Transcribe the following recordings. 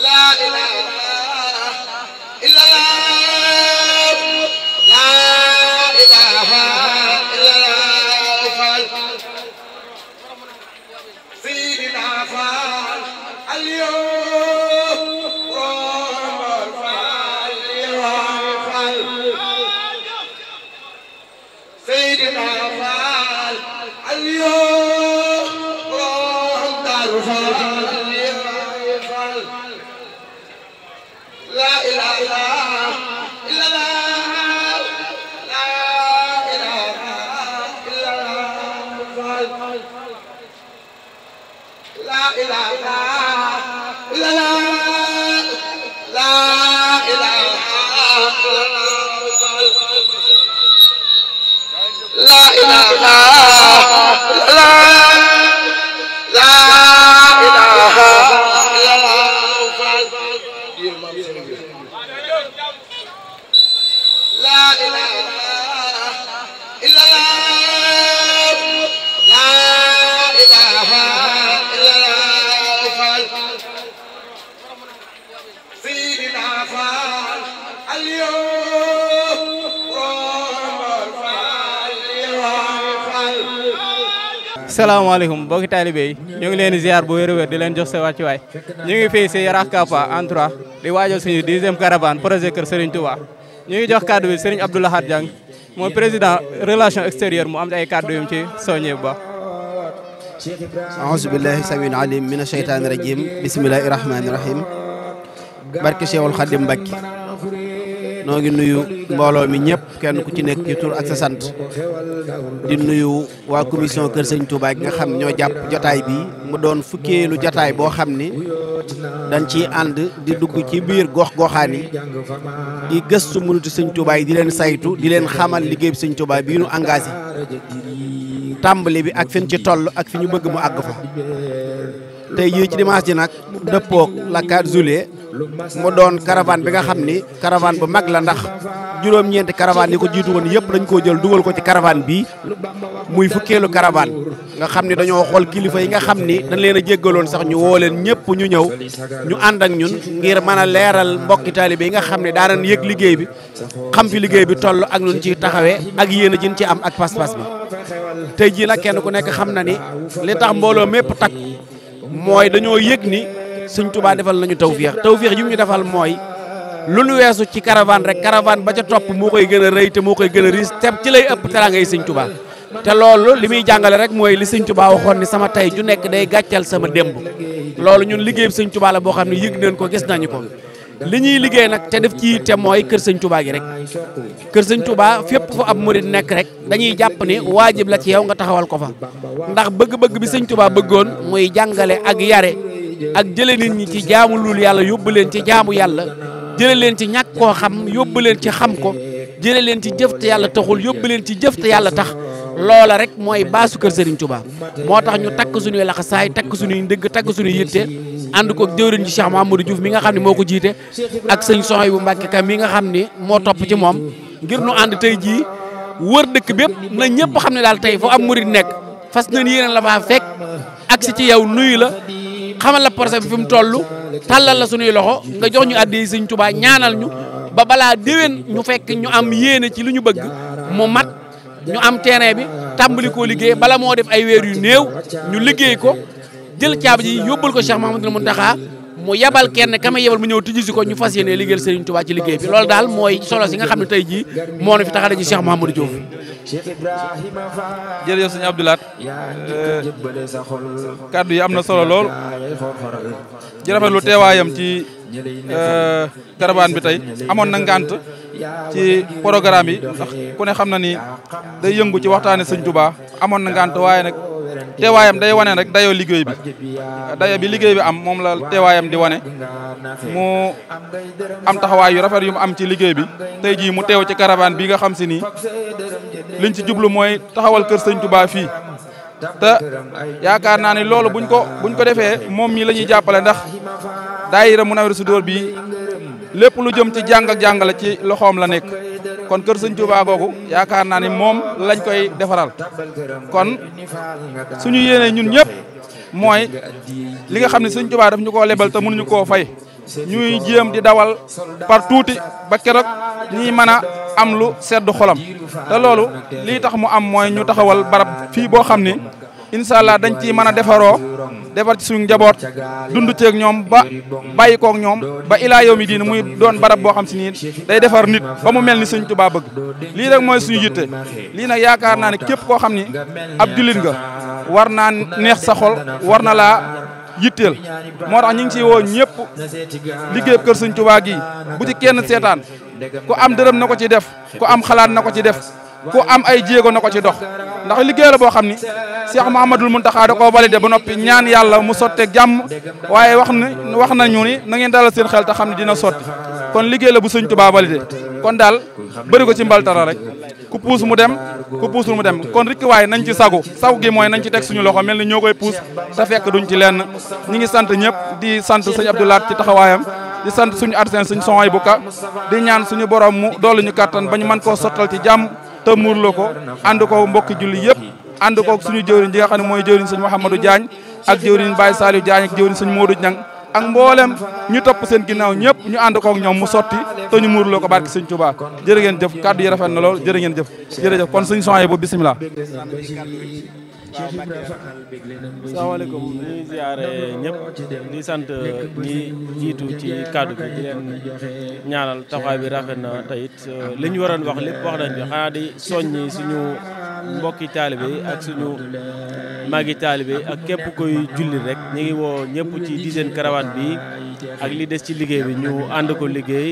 La ilaha salaamaaleykum mbokki taalibe yi ñu ngi leen di ziar bu wér di leen jox sa wàccuwaay ñu ngi fii si Yarax Kapa en trois di waajal suñu dixième caravane projet Kër Serigne Touba. ñu ngi jox kàddu bi Serigne Abdou Lahad Dieng président relation extérieure mu am ay kàddu yum ci soññee bu baax. aouzu billahi samiin alim mina shaytaani rajim bismillahi rahmaani rahim barke Cheikhul Khadim Mbacke. noo ngi nuyu mbooloo mi ñëpp kenn ku ci nekk ci tur ak sa sant di nuyu waa commission Kër Sëñ Touba gi nga xam ñoo jàpp jataay bi mu doon fukkeelu jataay boo xam ni dañ ciy ànd di dugg ci biir gox goxaan yi di gëstu mënutu Sëñ Touba yi di leen saytu di leen xamal liggéey bi Sëñ Touba bii nu engagé tàmbali bi ak fi ñu ci toll ak fi ñu bëgg mu àgg fa tey yii ci dimanche ji nag dëppook la 4 juillet mu doon caravane bi nga xam ni caravane bu mag la ndax juróom-ñeenti caravane yi ko jiitu woon yëpp dañ koo jël dugal ko ci caravane bi muy fukkeelu caravane nga xam ni dañoo xool kilifa yi nga xam ni dañ leen a jéggaloon sax ñu leen ñëpp ñu ñëw ñu ànd ak ñun ngir mën a leeral mbokki taalibe yi nga xam ne daanan yëg liggéey bi xam fi liggéey bi toll ak nun ciy taxawee ak yéen a ci am ak pas-pas bi tey jii nag kenn ku nekk xam na ni li tax mbooloo mépp takk mooy dañoo yëg ni sëñ Touba defal nañu tawféex tawféex yi mu ñu defal mooy lu nu weesu ci caravane rek caravane ba ca topp moo koy gën te moo koy gën a riis te ci lay ëpp teraanga yi sëñ Touba te loolu li muy jàngale rek mooy li sëñ Touba waxoon ni sama tey ju nekk day gàccal sama démb loolu ñun liggéeyub sëñ Touba la boo xam ne yëg nañ ko gis nañu ko li ñuy liggéey nag te def ci te mooy kër sëñ Touba gi rek kër sëñ Touba fépp fu ab murid nekk rek dañuy jàpp ni waajib la ci yow nga taxawal ko fa ndax sëñ Touba bëggoon muy jàngale ak yare ak jële nit ñi ci jaamu lul yàlla yóbbu leen ci jaamu yàlla jële leen ci ñàkk koo xam yóbbu leen ci xam ko jële leen ci jëf te yàlla taxul yóbbu leen ci jëf te yàlla tax loola rek mooy baasu kër Serigne Touba moo tax ñu takk suñuy laxasaay takk suñuy ndëgg takk suñuy yitte ànd ko jëwriñ ci Cheikh Mamadou Diouf mi nga xam ne moo ko jiite ak sëñ Soxay bu Mbàkke ka mi nga xam ne moo topp ci moom ngir nu ànd tey jii wër dëkk bépp na ñëpp xam ne daal tey foo am murid nekk fas xamal la projet bi fi mu toll tàllal la suñuy loxo nga jox ñu addi sëñ Tuubaa ñaanal ñu ba balaa déwén ñu fekk ñu am yéene ci lu ñu bëgg mu mat ñu am terrain bi tàmbali koo liggéey bala moo def ay weer yu néew ñu liggéey ko jël caabi ji yóbbul ko Cheikh Mahamadou Mountakha mu yebal kenn kama yebal mu ñëw tijji si ko ñu fas yéene liggéeyal Serigne Touba ci liggéey bi loolu daal mooy solo si nga xam ne tey jii moo na fi tax a dañuy Cheikh Mahamadou Diouf jërëjëf sëñ Abdou Lahat euh, kàddu yi am na solo lool di rafetlu teewaayam ci euh, caravane bi tey amoon na ngant ci programme yi ndax ku ne xam na ni day yëngu ci waxtaane suñ Touba amoon na ngànt waaye nag teewaayam day wane rek dayoo liggéey bi dayo bi liggéey bi am moom la teewaayam di wane mu am taxawaay yu rafet yu mu am ci liggéey bi tey jii mu teew ci caravane bi nga xam si nii liñ ci jublu mooy taxawal kër sëñ Touba fii te yaakaar naa ni loolu buñ ko buñ ko defee moom mii la ñuy jàppale ndax daayira Munawwirus Sudûr bi lépp lu jëm ci jàng jàngale ci loxoom la nekk kon kër sëñ Touba googu yaakaar naa ni moom lañ koy defaral kon suñu yéene ñun ñëpp mooy li nga xam ne sëñ Touba daf ñu ko lebal te ñu koo fay ñuy jéem di dawal par tuuti ba keroog ñiy mën a am lu sedd xolom te loolu lii tax mu am mooy ñu taxawal barab fii boo xam ni incha allah dañ ciy mën a defaroo defar ci suñu njaboot dund ceeg ñoom ba bàyyi koog ñoom ba ilaa yow mi diin muy doon barab boo xam si nii day defar nit ba mu mel ni Sëñ Tuubaa bëgg lii rek mooy suñu yitte lii nag yaakaar naa ne képp koo xam ni ab jullit nga war naa neex sa xol war na laa yitteel moo tax ñu ngi ciy woo ñëpp liggéey kër Sëñ Tuubaa gi bu ci kenn seetaan ku am dërëm na ko ci def ko am xalaat na ko ci def ku am ay jéego na ko ci dox ndax liggéey la boo xam ni Cheikh Mouhamadoul Mountakha da koo validé ba noppi ñaan yàlla mu sotte jàmm waaye wax na wax nañu ni na ngeen dalal seen xel te xam ne dina sotti kon liggéey la bu Sëñ Tuubaa validé kon daal bëri ko ci mbaltara rek ku puus mu dem ku puusul mu dem kon rikk waaye nañ ci sagu sagu gi nañ ci teg suñu loxo mel ni ñoo koy puus te fekk duñ ci lenn ñi ngi sant ñëpp di sant sëñ Abdoulaat ci taxawaayam di sant te muurloo ko ànd ko mbokki julli yëpp ànd ko suñu jëwriñ ji nga xam ne mooy jëwriñ sëñ Mouhamadou Diagne ak jëwriñ Baye Saliou Diagne ak jëwriñ sëñ Modou Niang ak mboolem ñu topp seen ginnaaw ñëpp ñu ànd koog ñoom mu sotti te ñu muurloo ko barke sëñ Touba jërë ngeen jëf kàddu yi rafet na lool jërë ngeen jëf jërëjëf kon sëñ soye bu bisimilah Cheikh Ibrahima Fall salaamaaleykum ñuy ziare ñëpp di sant ñi jiitu ci kàddu bi di leen ñaanal taxawaay bi rafet na te it euh, li ñu waroon wax lépp wax nañ bi xanaa di soññi suñu mbokki taalibe yi ak suñu magi taalibe yi ak képp koy julli rek ñu ngi woo ñëpp ci dizaine caravane bi ak li des ci liggéey bi ñu ànd ko liggéey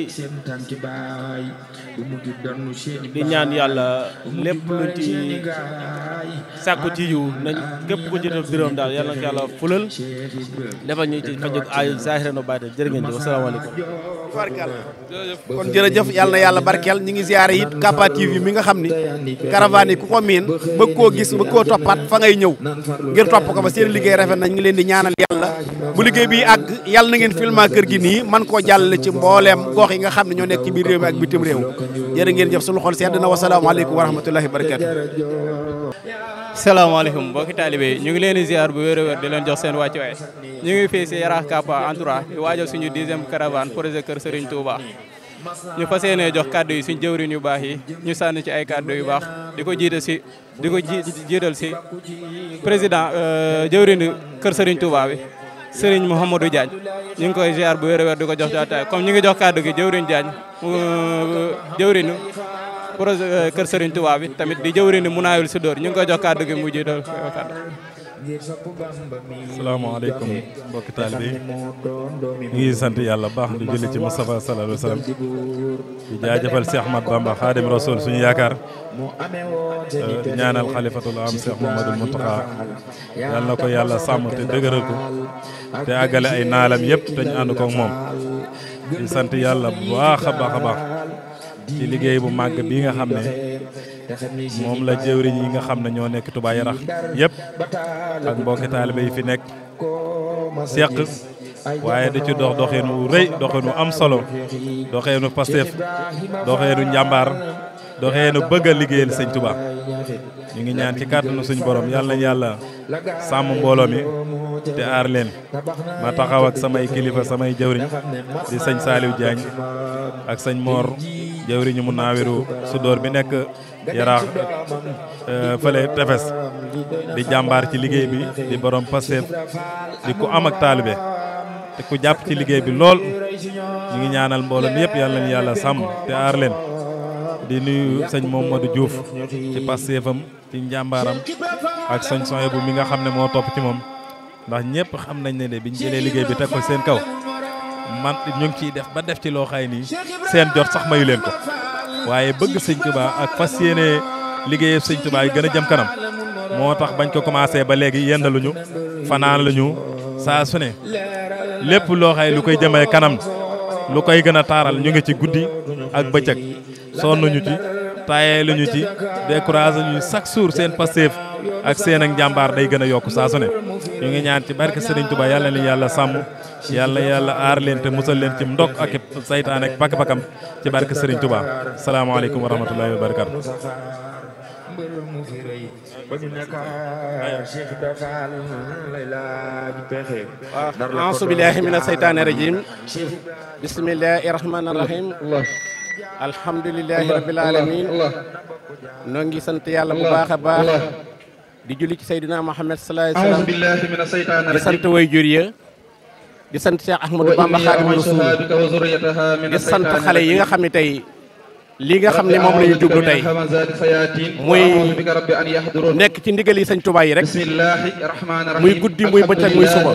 di ñaan yàlla lépp luñ ci sàkku ci yiw nañ képp ku ci def dërëm daal yàlla na ko yàlla ñu ci fajug aayu zaahira no baate jërë ngeen jëf asalaamaaleykum barkeel kon jërëjëf yàlla na yàlla barkeel ñu ngi ziyaare it Capa TV mi nga xam ni caravane yi ku ko miin bëgg koo gis bëgg koo toppaat fa ngay ñëw ngir topp ko ba seen liggéey rafet nañ ngi leen di ñaanal yàlla bu liggéey bi ak yàlla na ngeen filma kër gi nii man koo jàll ci mbooleem gox yi nga xam ne ñoo nekk ci biir réew mi ak jërë ngeen jëf sunu xol sedd na wasalaamaaleykum wa rahmatullahi wa barakaatu. salaamaaleykum mbokki taalibe ñu ngi leen di ziar bu wér a di leen jox seen wàccuwaay ñu ngi fii si Yaraax Kappa Entourage di waajal suñu dixième caravane projet Kër Serigne Touba. ñu fas yéenee jox kàddu yi suñu jëwriñ yu baax yi ñu sànni ci ay kàddu yu baax di ko jiital si di ko jiital si président euh, jëwriñu Kër sëriñ Touba bi Serigne Mouhamadou Diagne ñu ngi koy ziar bu wér a wér di ko jox jotaay comme ñu ngi jox kàddu gi jëwriñ Diagne. Uh, jëwriñu projet uh, Kër Serigne Touba bi tamit di jëwriñu Munaayul Sudoor ñu ngi koy jox kàddu gi mu jiital kàddu salaamaaleykum mbokki taalibe yi ñu ngi sant yàlla baax di julli ci Moustapha sallallahu alayhi wa sallam di jaajëfal Ahmad Bamba Xaadim Rasul suñu yaakaar di uh, ñaanal xalifatul am Cheikh Mouhamadou Mountakha yàlla na ko yàlla sàmm te dëgëral ko te àggale ay naalam yëpp dañu ànd koog moom. di sant yàlla bu baax a baax a baax ci liggéey bu màgg bii nga xam ne moom la jëwriñ yi nga xam ne ñoo nekk Touba Yarax yëpp ak mbokki taalibe yi fi nekk seq waaye da ci dox doxeenu rëy doxeenu am solo doxeenu Pastef doxeenu njàmbaar doxeenu bëgg a liggéeyal sëñ Touba ñu ngi ñaan ci kàttanu suñu borom yàlla na yàlla sàmm mbooloo mi te aar ma taxaw ak samay kilifa samay jawriñ di sëñ Saliou Diagne ak sañ Mor jawriñu mu naawiru sudoor bi nekk yaraax eh, fële tefes di jàmbaar ci liggéey bi di borom Pastef di ku am ak taalibe te ku jàpp ci liggéey bi lool ñu ngi ñaanal mbooloo mi yëpp yàlla na yàlla sàmm te aar leen di nuyu sëñ Momadou Diouf ci Pastefam ci njàmbaaram ak sëñ Soyebu mi nga xam ne moo topp ci moom ndax ñëpp xam nañ ne ne biñ jëlee liggéey bi te ko seen kaw man ñu ngi ciy def ba def ci loo nii seen jot sax mayu leen ko waaye bëgg sëñ ak fas yéene liggéeyee sëñtubaa yi gën a jëm kanam moo tax bañ ko commencé ba léegi yendaluñu fanaan lañu saa su ne lépp loo xay lu koy jëmee kanam lu koy gën a taaral ñu ngi ci guddi ak bëccëg sonnuñu ci taaye lu ñu ci découragé ñu chaque jour seen pastéef ak seen ak njàmbaar day gën a yokk saa su ne ñu ngi ñaan ci barke Serigne Touba yàlla na yàlla sàmm yàlla yàlla aar leen te musal leen ci ndok ak saytaan ak pakk-pakkam ci barke Serigne Touba salaamaaleykum wa rahmatullahi wa barakatu auzu billaahi mina seytaani rajiim bismillaahi alhamdulilahi rabbil alamin noo ngi sant yàlla bu baax a baax di julli ci sayduna muhammad sallallahu alayhi wasallam billahi di sant way jur di sant Cheikh Ahmadou Bamba Xaadimu Rasuul di sant xale yi nga xam ne tey li nga xam ne moom la ñu jublu tey muy nekk ci ndigal yi Sëñ Tuubaa yi rek muy guddi muy bëccëg muy suba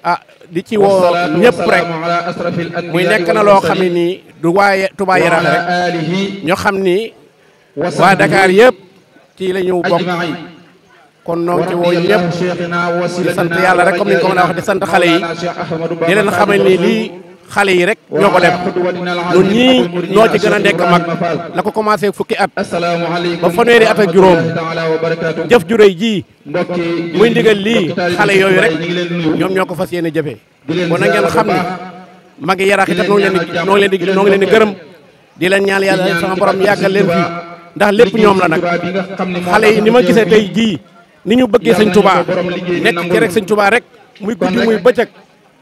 ah di ci woo ñëpp rek muy nekk na loo xam ne nii du waaye Touba Yarax rek ñoo xam ni waa Dakar yëpp ci la ñu bokk kon noo ci woo ñëpp di sant yàlla rek comme ni ñu ko mën a wax di sant xale yi di leen xamal ni lii xale yi rek ñoo ko def ñun ñii ñoo ci gën a nekk mag la ko commencé fukki at ba fanweeri at ak juróom jëf ju ji jii muy ndigal lii xale yooyu rek ñoom ñoo ko fas yéene jëfee kon na ngeen xam ne magi yaraax itam noo ngi leen di noo ngi leen di noo ngi leen di gërëm di leen ñaan yàlla sama borom yàggal leen fii ndax lépp ñoom la nag xale yi ni ma gisee tey ji ni ñu bëggee sëñ Touba nekk ci rek sëñ Touba rek muy guddi muy bëccëg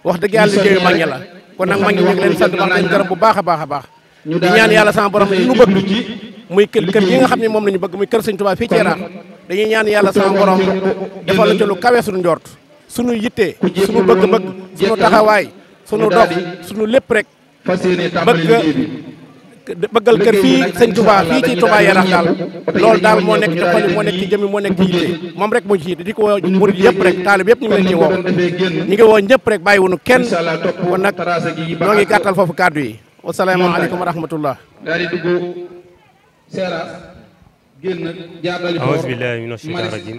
wax dëgg yàlla liggéeyu mag ñi la kon nag ma ngi ñu ngi leen sant wax leen gërëm bu baax a baax a baax di ñaan yàlla sama borom li ñu bëgg muy kër kër yi nga xam ne moom la ñu bëgg muy kër sëñ Tuubaa fii ci Yaraax dañuy ñaan yàlla sama borom defal la ci lu kawe suñu njort suñu yittee suñu bëgg-bëgg suñu taxawaay suñu dox suñu lépp rek bëgg bëggal kër fi señ Touba fi ci Touba ya daal loolu daal moo nekk ci xol mo nek ci jëmi mo nek ci yitte moom rek mo ci yitte di ko woo murid yëpp rek talib yëpp ñu leen ci wo ñi ngi wo ñëpp rek bayyi wuñu kenn kon nag ñoo ngi gattal fofu kàddu yi wa salaamu alaykum wa rahmatullah dari di sera genn jaagal jaarali aouzu billahi mina shaytan rajim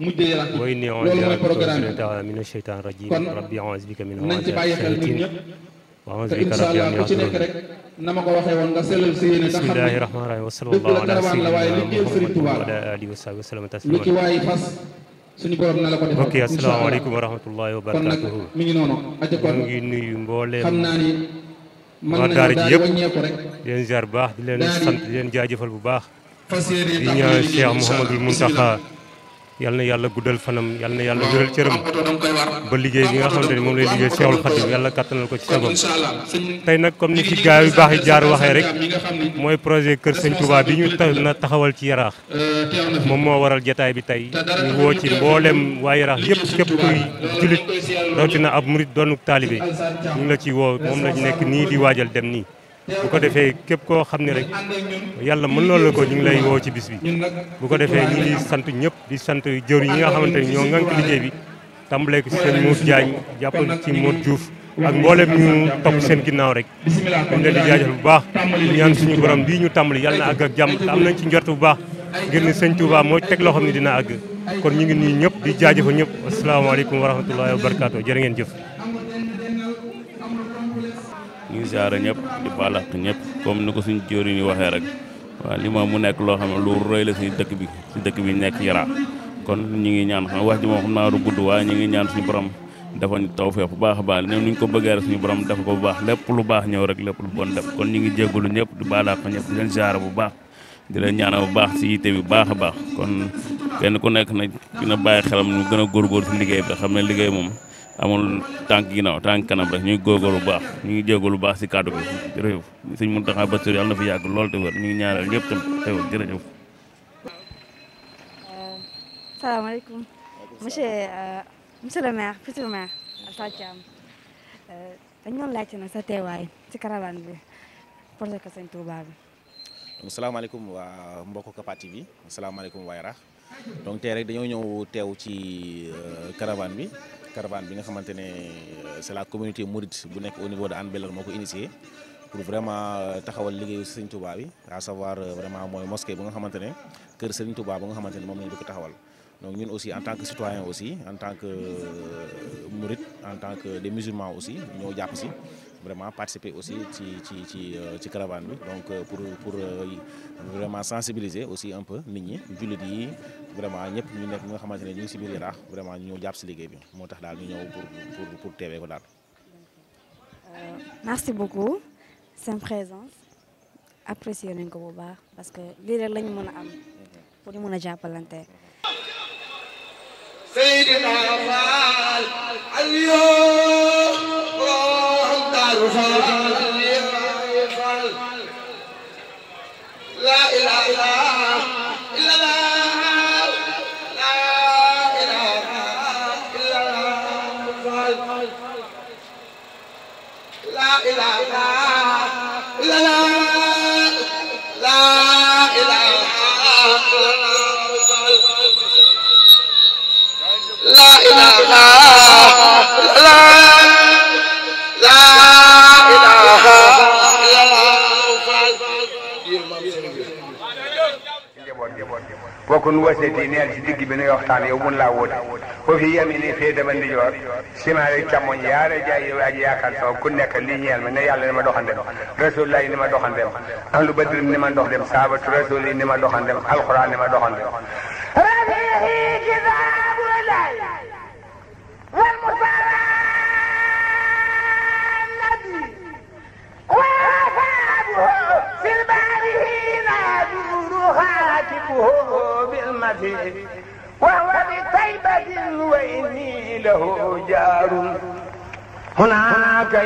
mujjé yaa bi loolu mooy programme bi min ashaytan rajim rabbi a'udhu bika min hamazati shayatin te incha allah ku ci nekk rek na ma ko waxee woon nga sellal sa yéene. nga xam ne dëgg la karawaan la waaye liggéeyal Sëriñ Tuubaa lu ci waay fas suñu borom na la ko defal. mbokk yi asalaamaaleykum wa rahmatullaahi wa barakaatuh. kon nag mi ngi noonu. aja kon ngi nuyu mbooleem xam naa ni mën nañu daal wàññeeku rek. di leen ziar bu baax di leen sant di leen jaajëfal bu baax. fas yéene di ñaan Cheikh Mouhamadul Mountakha yal na yàlla guddal fanam yal na yàlla wéral cëram ba liggéey bi nga ne ni moom lay liggéey Seexul Xadim yàlla kattanal ko ci sagom tey nag comme ni fi gaay yu baax yi jaar waxee rek mooy projet Kër Sëñ Touba bi ñu ta na taxawal ci yaraax euh, moom moo waral jataay bi tey ñu woo ci mboolem waa yaraax yëpp képp kuy julit rawatina ab murit doonuk taalibe ñu ngi la ci woo moom lañ nekk nii di waajal dem nii bu ko defee képp koo xam ne rek yàlla mën loolu la ko ñu ngi lay woo ci bis bi bu ko defee ñu ngi sant ñëpp di sant jëwriñ yi nga xamante ni ñoo ngànk liggéey bi tàmbalee ko ci seen Mour Diagne jàpp ci Mour Diouf ak mboolem ñu topp seen ginnaaw rek dañ leen di jaajal bu baax ñaan suñu borom bii ñu tàmbali yàlla na àgg ak jàmm am nañ ci njort bu baax ngir ni sëñ Touba moo teg loo xam ne dina àgg kon ñu ngi nii ñëpp di jaajëfal ñëpp asalaamaaleykum wa rahmatullahi wa barakaatu ngeen jëf ñu ziaré ñep di balax ñep comme niko suñu suñ ni waxé rek wa li moom mu nek lo xamné lu rëy la suñu dëkk bi ci dëkk bi nek yara kon ñi ngi ñaan xam wax ji mo xamna ru gudd wa ñi ngi ñaan suñu borom dafa ñu taw bu baax baal baax nuñ ko bëggee rek suñu borom dafa ko bu baax lépp lu baax ñëw rek lépp lu bon def kon ñi ngi jéggalu ñep di balax ñep di len ziaré bu baax di len ñaanal bu baax ci yité bi baax baax kon kenn ku nek na dina baye xelam ñu gëna gor gor si liggéey bi xamné liggéey mom amul tànk ginnaaw tànk kanam rek ñu ngi baax ñu ngi jégalu bu baax si kàddu bi jërëjëf sëñ Mountakha Bassirou yàlla na fi yàgg lool te wér ñu ngi ñaanal ñëpp tam te wér jërëjëf. Euh, salaamaaleykum monsieur euh, monsieur le maire futur maire Alpha Thiam euh, dañu doon laajte nag sa teewaay si bi projet ko sëñ Touba salaamaaleykum waa mbokk Capa TV salaamaaleykum waa Yarax donc tey rek dañoo ñëw teew ci caravane bi. caravane bi nga xamante ne euh, c'est la communauté mouride bu nekk au niveau de Hann bel moo ko initié pour vraiment euh, taxawal liggéeyu Serigne Touba bi à savoir euh, vraiment mooy mosquée bu nga xamante ne kër Serigne Touba bu nga xamante ne moom lañu ko taxawal donc ñun aussi en tant que citoyen aussi en tant que mouride en tant que de musulmans aussi ñoo jàpp si vraiment participer aussi ci ci ci ci caravane bi donc pour pour vraiment sensibiliser aussi un peu nit ñi jullit yi vraiment ñëpp ñu nekk ñi nga ne ñu ngi yaraax vraiment ñu jàpp si liggéey bi moo tax daal ñu ñëw pour pour pour teewee ko daal. Euh, merci beaucoup seen présence apprécié nañ ko bu baax parce que lii rek lañu mën a am pour ñu mën a jàppalante. Seydina Fall Aliou borom Daaru Fall boo ko nu wasatee neel ci digg bi nuy waxtaan yow mun laa wóote foo fi yem nii fee dama ndijoor simaare càmmoñ yaara jaay yow aji yaakaar sama ku nekk lii ñeel ma ne yàlla ni ma doxan dem rasulullah ni ma doxan dem ahlu badr ni ma dox dem saabatu rasul ni ma doxan dem alquran ni ma doxan dem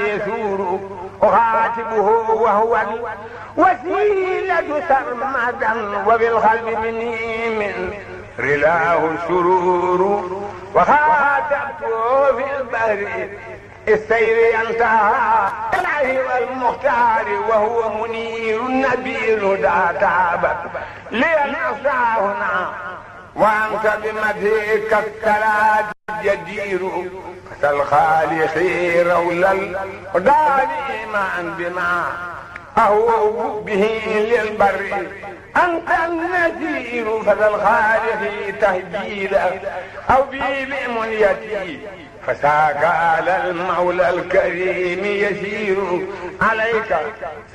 يثور غاتبه وهو الوسيلة سرمدا وبالقلب مني من رلاه سرور وخاتمته في البر السير ينتهى الله والمختار وهو منير نبيل دا تعب لينعسى هنا وانت بمدهك التلاج يدير خير رولا دعني إيمان بما أهو به للبر أنت النذير فذا الخالق تهديدا أو بي بمنيتي فساك على المولى الكريم يسير عليك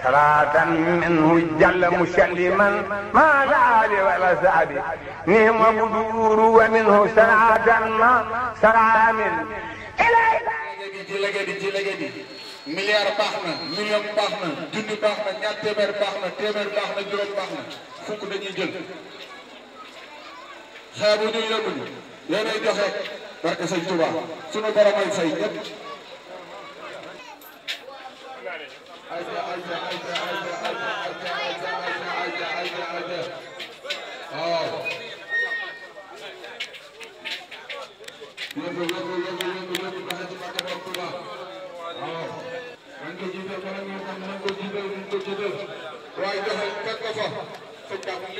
صلاة منه جل مسلما ما زال ولا سعد نهم بدور ومنه صلاة ما صلاة من legedi ci legedi ci legedi milliard baax na million baax na junni baax na ñaar téeméer baax na téeméer baax na juróom baax na fukk dañuy jël xeebuñu yëbuñu yéenay joxe barke sëñ Tuubaa sunu borom ay fay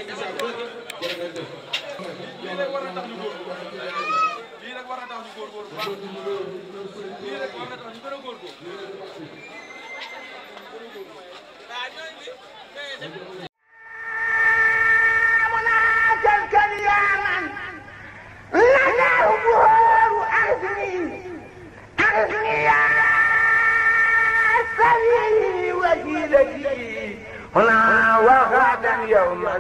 lii rek war na tax ñu góorgóorlu lii rek war na tax ñu góorgóorlu bu baax lii rek war na tax ñu gën a góorgóorlu Yeah. هنا وغدا يوما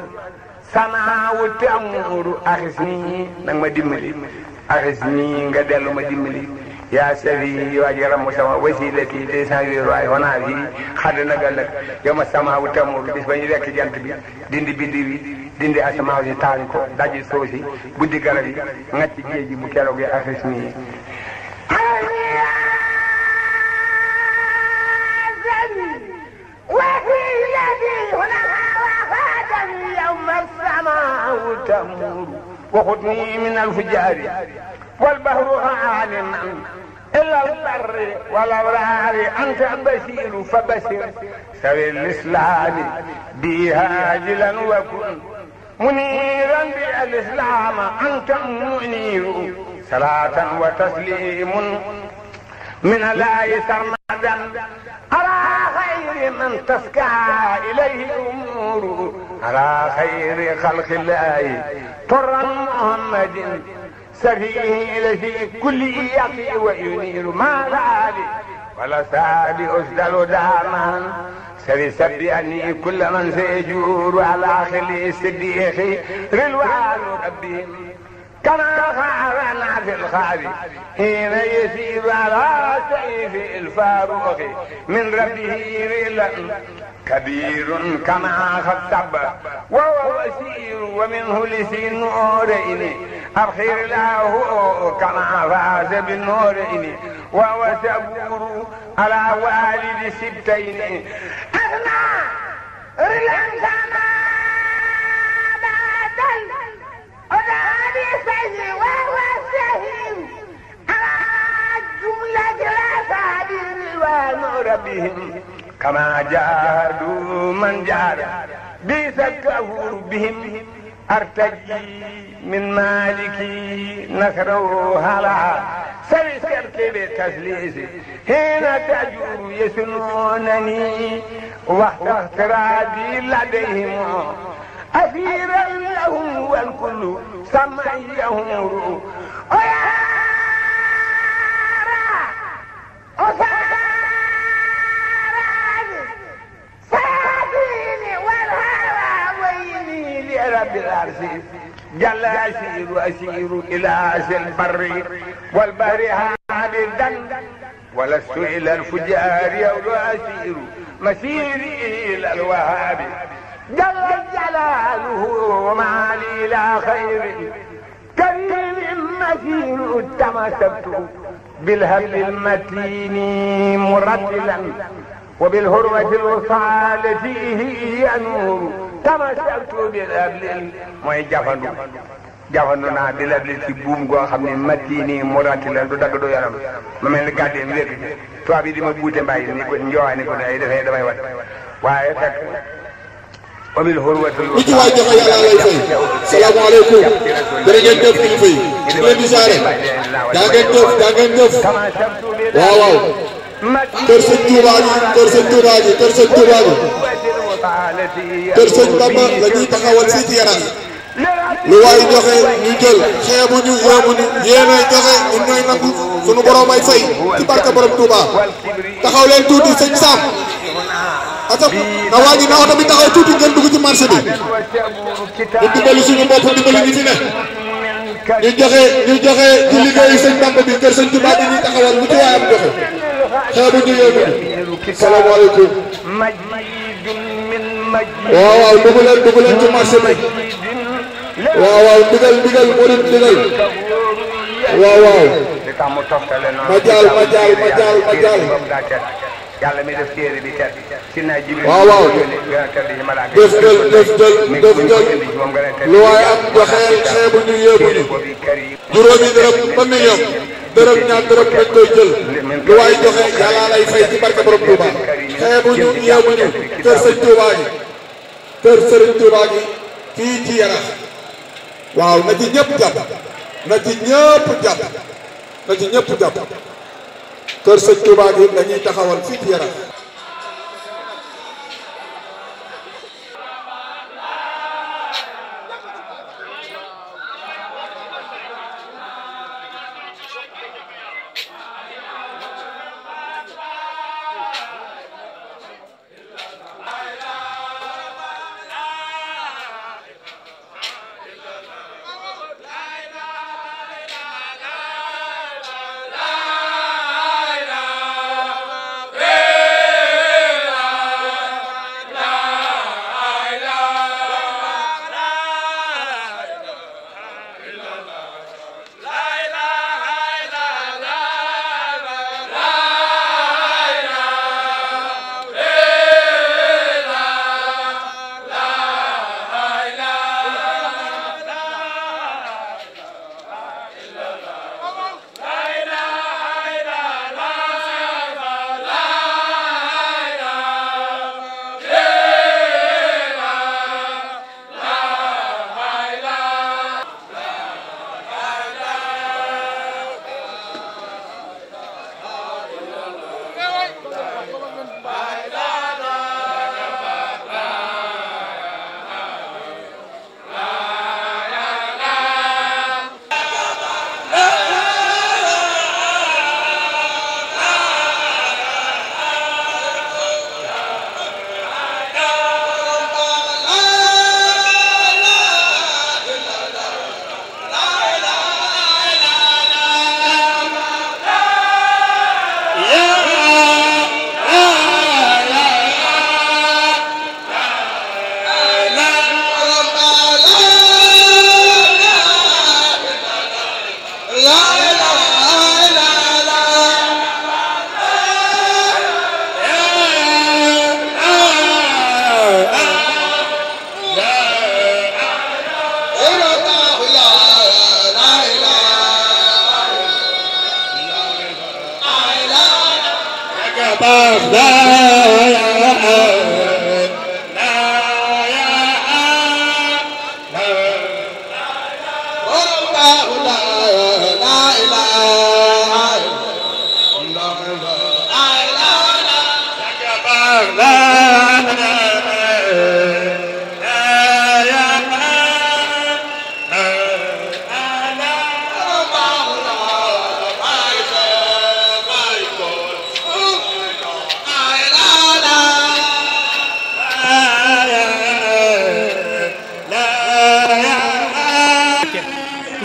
سماو تمور أخزني نما دملي أخزني غدل ما دملي يا سفي واجرم سما وسيلتي ليس راي هنا في خدنا قالك يوم سماو تمور بس بني رك جانت بي دين بي دي dindi asamaan si taal ko daji suuf si buddi garab yi ngacc géej gi mu keroog yi ak الذي هنا يوم السماء وخذني من الفجار والبهر عال إلا البر والأبرار أنت البشير فبشر سر الإسلام بها وكن منيرا بالإسلام أنت منير صلاة وتسليم من لا سرمدا على خير من تسكى إليه الأمور على خير خلق الله طرا محمد سفيه في كل يقي وينير ما ذلك ولا سعد أسدل داما أني كل من سيجور على خلي صديقي رلوان ربهم كما فعلنا في الخالي حين يسيب على سيف الفاروق من ربه ويلا كبير كما خطب وهو وسير ومنه لسين نورين أبخير له كما فاز بالنورين وهو سبور على والد سبتين أغنى رلان كما بعد ربهم كما جادوا من جاد بسكه بهم أرتجي من مالكي نصره هلا سيسرت بتسليسي هنا تجور يسنونني وهو افترادي لديهم أثيرا له والكل سمع يهور أيارا أسارا ساديني والهوى لرب العرش جل أسير أسير إلى عرش البر والبر عابدا ولست إلى الفجار يولو أسير مسيري إلى الوهاب جل جلاله وما لي لا خير كريم مثيل تمسكت بالهبل المتين مرتلا وبالهروة الوصال فيه ينور تمسكت بالهبل mooy jafandu jafandu naa bi labli ci buum goo xam ne matti nii morati la du dagg du yaram ma mel ni gàddeem wékk ci tubaab yi di ma buute mbàyyi ni ko njoowaani ko day dafay damay wat waaye fekk lu ci waay joxe yàlla lay fay salaamaaleykum jërëngeen jëf kilifa yi ñu leen di saare daa ngeen jëf daa ngeen jëf waaw waaw kër sëñ Tuubaa ji kër sëñ Tuubaa ji kër sëñ Tuubaa ji kër sëñ Bamba la ñuy taxawal fii ci Yarax lu waay joxe ñu jël xeebuñu yéemuñu yéena joxe ñun ñooy nangu sunu borom ay fay ci barke borom Tuubaa taxaw leen tuuti sëñ Sam na waa ji na oto bi taxaw tuuti ngeen dugg ci marché bi ñu dimbali suñu bopp dimbali nit ñi ne ñu joxe ñu joxe ci liggéeyu sëñ Bamba bi kër sëñ Tuubaa bi ñuy taxawal lu ci waay am joxe xeebu ñu yooyu bi salaamaaleykum waaw waaw dugg leen dugg leen ci marché bi waaw waaw ndigal ndigal murid ndigal waaw waaw ma jaal ma jaal ma jaal ma jaal yàlla mi def téere bi tedd Seydina Jibril waaw waaw gën a tedd ci malaaka def def def def def lu waaye am joxeel xeebuñu lu waaye joxe yàlla lay fay ci barke borom Touba xeebuñu yéebuñu kër sëñ Touba gi kër sëriñ Touba fii ci waaw na ci ñëpp jàpp na ci kër sëñ Touba gi dañuy taxawal fii ci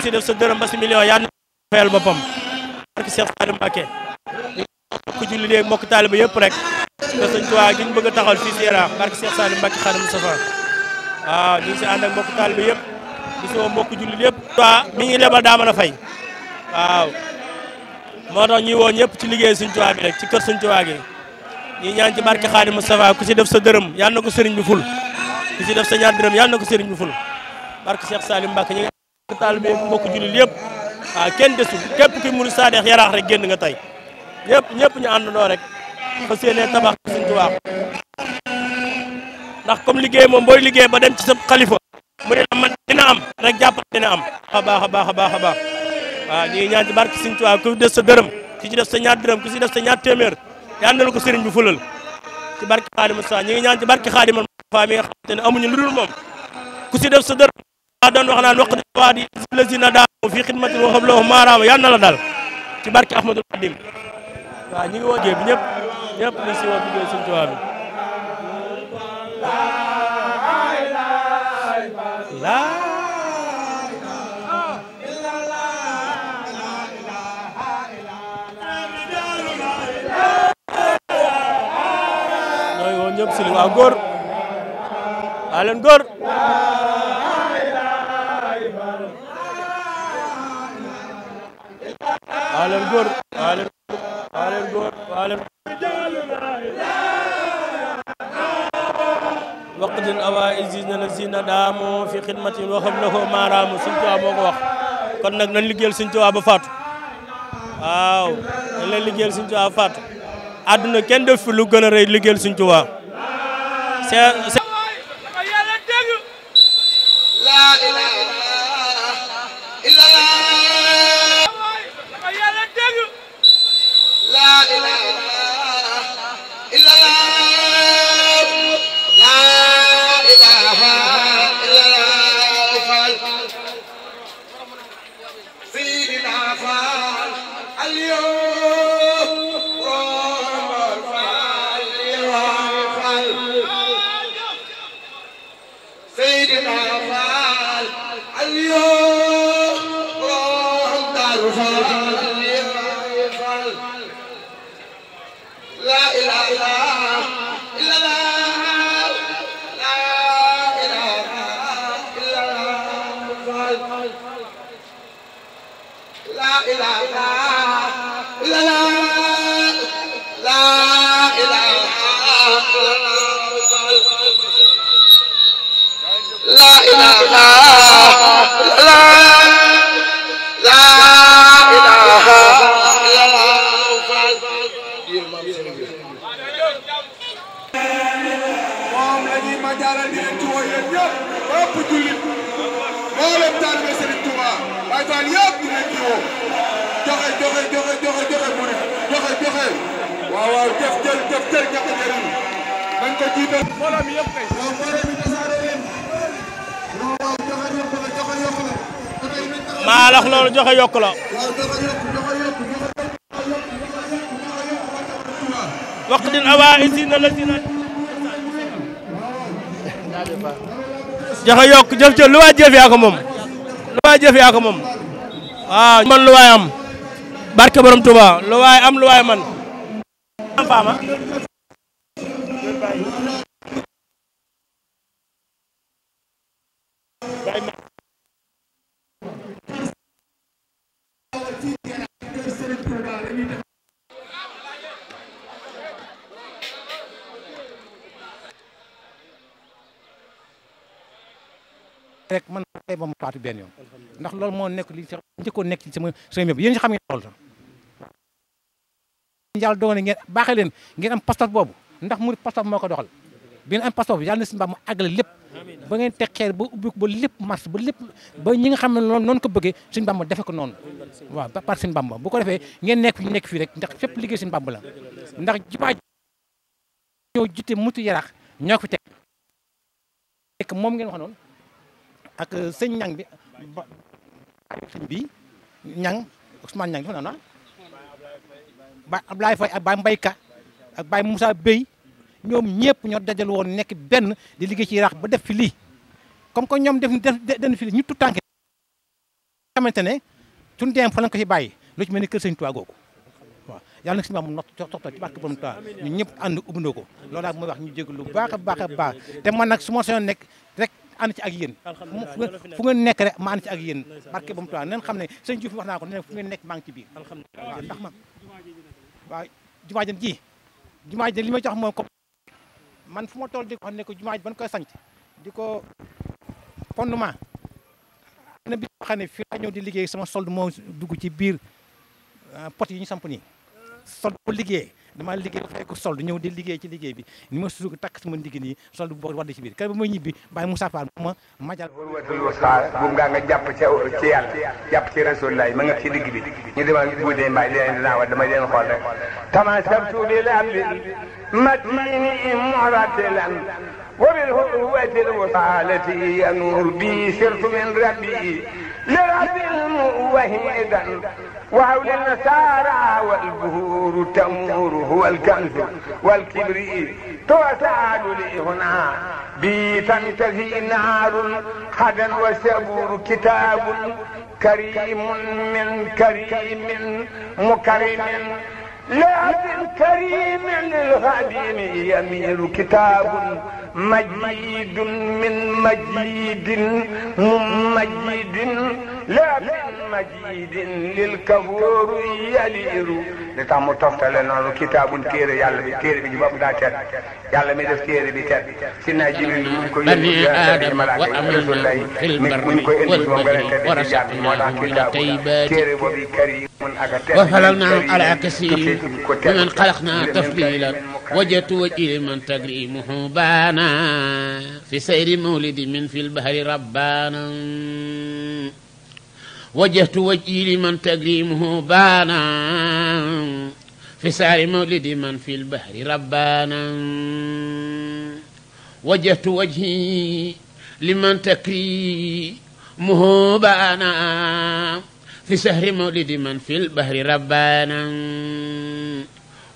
si def sa dërëm ba si million yaa na fayal boppam barke Cheikh Salim Mbacké ku julli dee mbokk taaliba yëpp rek te sëñ Tuubaa gi ñu bëgg a taxawal fii si Yaraax barke Cheikh Salim Mbacké Xaadim Mustafa waaw ñu ngi si ànd ak mbokk taaliba yëpp di sama mbokk jullit yëpp Tuubaa mi ngi lebal daa mën a fay waaw moo tax ñuy woo ñëpp ci liggéey sëñ Tuubaa bi rek ci kër sëñ Tuubaa gi ñi ñaan ci barke Xaadim Mustafa ku si def sa dërëm yal na ko sëriñ bi ful ku si def sa ñaar dërëm yal na ko sëriñ bi ful barke Cheikh Salim Mbacké kita lebih jullit yëpp waaw ah, kenn desul képp kuy murid saadeex yaraax rek génn nga tey ñëpp ñëpp ñu àndandoo rek fas yéene tabax Sëñ Tuubaa ndax comme liggéey moom booy liggéey ba dem ci haba xalifa mu ne man dina am rek jàppal dina am a baax a baax a baax a baax waaw ah, ñu ngi ñaan ci barke Sëñ Tuubaa ku des sa dërëm ku ci def sa ñaar ku ci def sa ñaar ko bi fulal ci barke ñaan ci barke mi amuñu ku ci def sa daa doon wax naan waqdi waadi lazina daamu fi xidmatin wa xablahum maaraama yal na la dal ci barke Ahmadul Xadim waaw ñu ngi woo jéeg bi ñëpp ñëpp ñu si woo duggee suñu tubaab bi laa ñëpp si li waaw góor waa leen góor القر آل القر آل وقت الأوائز الذين داموا في خدمة وخبله ما راموا سنتو أبو wax kon nag nañ liggéeyal Sëñ Tuubaa ba faatu waaw nañ leen liggéeyal Sëñ Tuubaa ba faatu àdduna kenn def fi lu gën a rëy liggéeyal Sëñ Tuubaa Hallelujah. دخل دخل منى دخل دخل واو دفتر دفتر دفتر من تجيب ولم يبقي ولم يتسارين maa lax loolu joxe yokk la waqtin awaa isina la sina joxe yokk jëf jëf lu waay jëf yaa ko moom lu waay jëf yaa ko moom waaw man lu waay am barke borom Touba lu waaye am lu waaye man. rek man tey ba mu faatu benn yoon ndax loolu moo nekk li sax njëkkoon nekk ci sama sama si xam ngeen loolu sax yàlla dogal ngeen baaxee leen ngeen am pastas boobu ndax murid pastas moo ko doxal bi ngeen am pastas boobu yàlla na si mbaa mu àggale lépp ba ngeen teg xeer ba ubbi ba lépp mars ba lépp ba ñi nga xam ne loolu noonu ko bëggee suñu Bàmba defe ko noonu waaw par suñu Bàmba bu ko defee ngeen nekk nekk fii rek ndax fépp liggéey suñu Bàmba la ndax jibaa ñoo jiite mutu yarax ñoo ko fi moom ngeen wax noonu ak euh, sëñ ñang bi ba bi ñang Ousmane ñang dafa a na ba Ablaye Faye ak Baye Mbayka ak Baye Moussa Bey ñoom ñëpp ñoo dajal woon nekk benn di liggéey ci rax ba def fi lii comme que ñoom def den fi ñu tutànke xamante ne suñu dem fa lañ ko ci bàyyi lu ci mel ni kër sëñ Tuubaa googu waaw yàlla na si maam mu not toxtal ci barke borom Tuubaa ñu ñëpp ànd ubbandoo ko loolu daal mooy wax ñu jégg lu baax a baax a baax te man nag su ma soñoon nekk ànd ci ak yéen fu ngeen nekk rek ma ànd ci ak yéen barke ba mu tuwaa neen xam ne sëñ Diouf wax naa ko fu ngeen nekk maa ngi ci biir waaw ndax ma waaw jumaa jën ji jumaa jën li ma jox moom ko man fu ma toll di ko xam ne ko jumaa ban koy sanc di ko fondement na bi xam ne fii laa ñëw di liggéey sama solde moo dugg ci biir euh, pot yi ñu samp nii solde ko liggéey damaa liggéey ba fay ko solde ñëw di liggéey ci liggéey bi ni ma suuko takk sama ndigg nii solde bu bokk wadd ci biir kër ba may ñibbi bàyyi Moussa Fall ma majal watul wasa bu ngaa nga jàpp ci ci yàlla jàpp ci rasulullah ma nga ci digg bi ñu demal guddee mbaay leen dinaa wax damay leen xool rek tamasabtu bil amri matini moratilan wa bil hurwatil wasalati anur bi sirtu min rabbi لرجل وهيدا وحول النسارى والبهور تمور هو الكنز والكبريت تعتاد لي هنا بيتا تنتهي نار حدا وسبور كتاب كريم من كريم مكرم لعب كريم للغادين يمير كتاب مجيد من مجيد ممجد لا من مجيد للكفور يليرو نتام توفتال نو كتاب تير يالا بي تير بي باب سينا جيبين نو كو يوري ملائكه رسول الله في البر من على كسي ومن خلقنا تفضيلا وجدت وجه من تقريمه بانا في سير مولد من في البحر ربانا وجهت وجهي لمن تقليمه بانا في سار مولد من في البحر ربانا وجهت وجهي لمن تكريمه بانا في سهر مولد من في البحر ربانا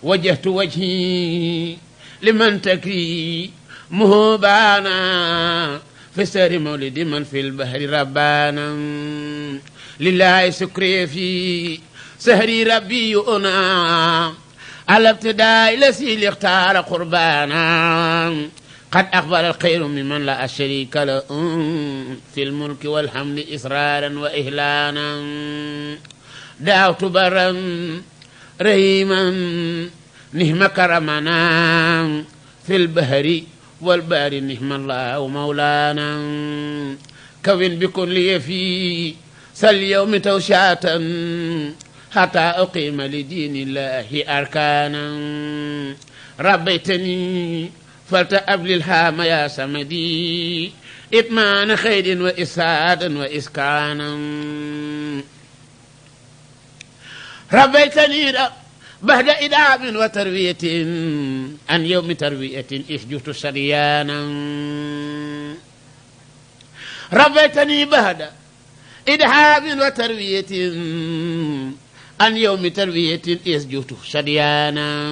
وجهت وجهي لمن تكريمه بانا في سهر مولد من في البحر ربانا لله سكري في سهري ربي أنا على ابتداء لسي اختار قربانا قد أقبل الخير ممن لا شريك له في الملك والحمد إصرارا وإهلانا دعوت برا رهيما نهم كرمنا في البهر والبار نهم الله مولانا كون بكل في يوم توشاة حتى أقيم لدين الله أركانا ربيتني فلتأب للهام يا سمدي إتمان خير وإسعاد وإسكانا ربيتني رب بعد إدعام وتربية أن يوم تربية إحجت سريانا ربيتني بهدا إدهاب وتروية عن يوم تروية يسجد شديانا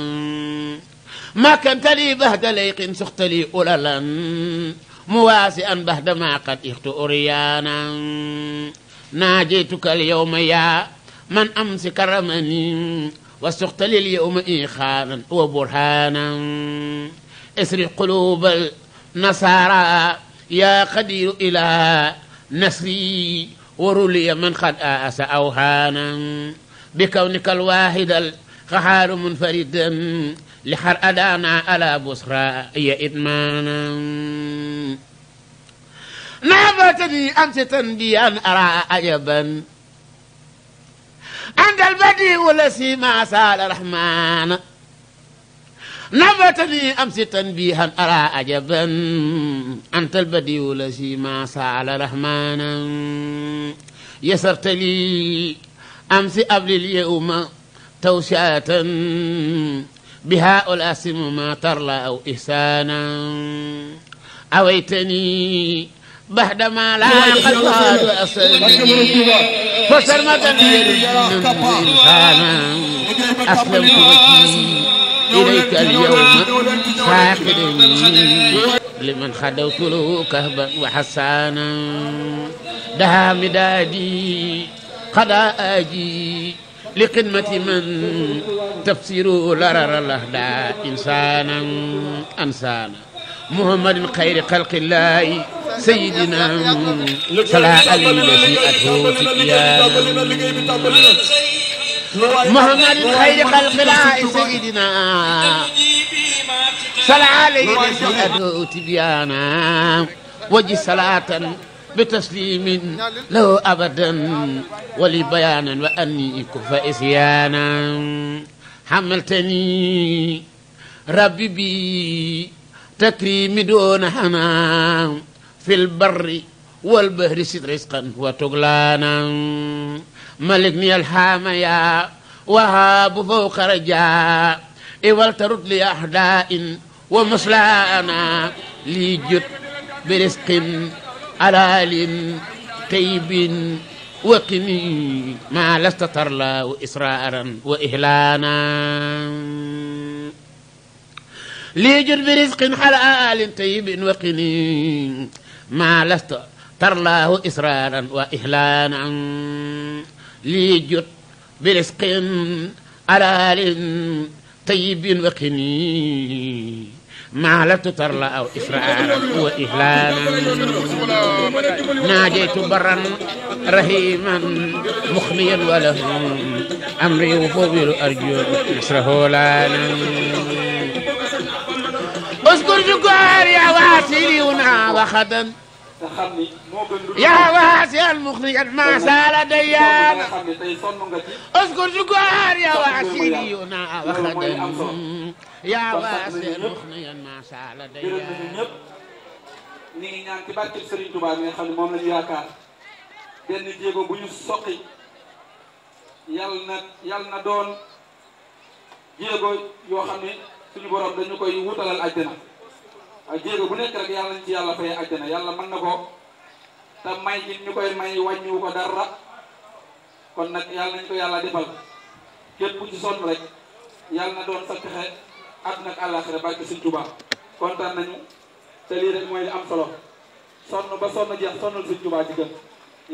ما كنت لي بهد ليق سخت لي أولا مواسئا بهد ما قد اخت أريانا ناجيتك اليوم يا من أمس كرمني وسخت لي اليوم إيخانا وبرهانا اسر قلوب النصارى يا قدير إلى نصري ورولي من قد آس أوهانا بكونك الواحد الخحار منفردا لحر أدانا على بصرى إدمانا نابتني أمس تنبيا أرى عجبا عند البديع الذي ما سال الرحمن نبتني أمس تنبيها أرى أجبا أنت البديو الذي ما سأل رحمانا يسرت لي أمس أبلي اليوم توسعة بها الأسم ما ترلى أو إحسانا أويتني بعد ما لا قد صاد أسلمي أسلمت وجهي إليك اليوم فاقد لمن خدوت له كهبا وحسانا دها مدادي قد أجي لقمة من تفسير لرر دا إنسانا أنسانا محمد خير خلق الله سيدنا صلى الله عليه وسلم محمد خير خلق الله سيدنا صلى عليه وسلم تبيانا وجه صلاة بتسليم له أبدا ولبيانا وأني كف إسيانا حملتني ربي بي تكريم دون هنا في البر والبهر سيد رزقا وتغلانا ملك مي يا وهاب فوق رجاء اي والترد لي أحداء ومصلانا لي جد برزق علال طيب وقمي ما لست ترلا وإسرارا وإهلانا لي جد برزق حلال طيب وقني ما لست ترلاه إسرارا وإهلانا lii jot birisqin alaalin tayyibin waqini ما لا تطر أو هو إهلال ناجيت برا رحيما مخميا وله أمري وفوبل أرجو نصره لالا اذكر جوار يا ونا وخدم يا واسع المخنية ما زال ديانا اذكر جوار يا واسيني يونا وخدم يا واسع المخنية ما زال ديانا ñi ngi ñaan ci barkeb Serigne Touba bi nga xam ne moom lañu yaakaar benn jéego bu ñu soqi yal na yal na doon jéego yoo xam ne suñu borom dañu koy wutalal àjjana ak jéego bu nekk rek yàlla nañ ci yàlla fay na yàlla mën na ko te may gi ñu koy may wàññiwu ko dara kon nag yàlla nañ ko yàlla defal képp ku ci sonn rek yàlla na doon sa pexe àdduna ak àllaaxira barke Sëñ Tuubaa kontaan nañu te lii rek mooy li am solo sonn ba sonn jeex sonnal Sëñ Tuubaa ci gën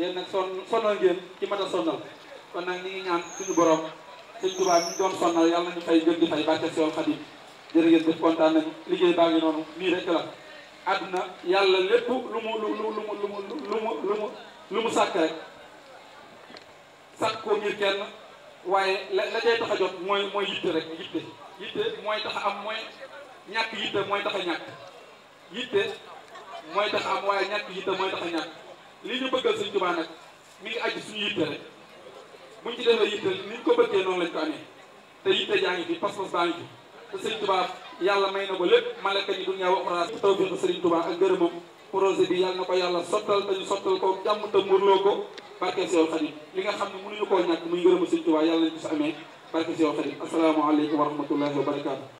yéen nag sonn sonnal ngeen ci mat a sonnal kon nag ñu ngi ñaan suñu borom Sëñ Tuubaa ñu doon sonnal yàlla nañu fay gën di fay barke Sëñ Xaadim jërëjëf def kontaan nañu liggéey baa ngi noonu lii rek la àdduna yàlla lépp lu mu lu mu lu mu lu mu lu mu sàkk rek sàkk ko ngir kenn waaye la la cay tax a jot mooy mooy yitte rek yitte yitte mooy tax am mooy ñàkk yitte mooy tax a ñàkk yitte mooy tax a am waaye ñàkk yitte mooy tax a ñàkk li ñu bëggal Sëñ Tuubaa nag mi ngi aju suñu yitte rek buñ ci defee yitte ni ko bëggee noonu lañ ko amee te yitte jaa ngi fi baa ngi fi Assalamualaikum Serigne Touba ko malaka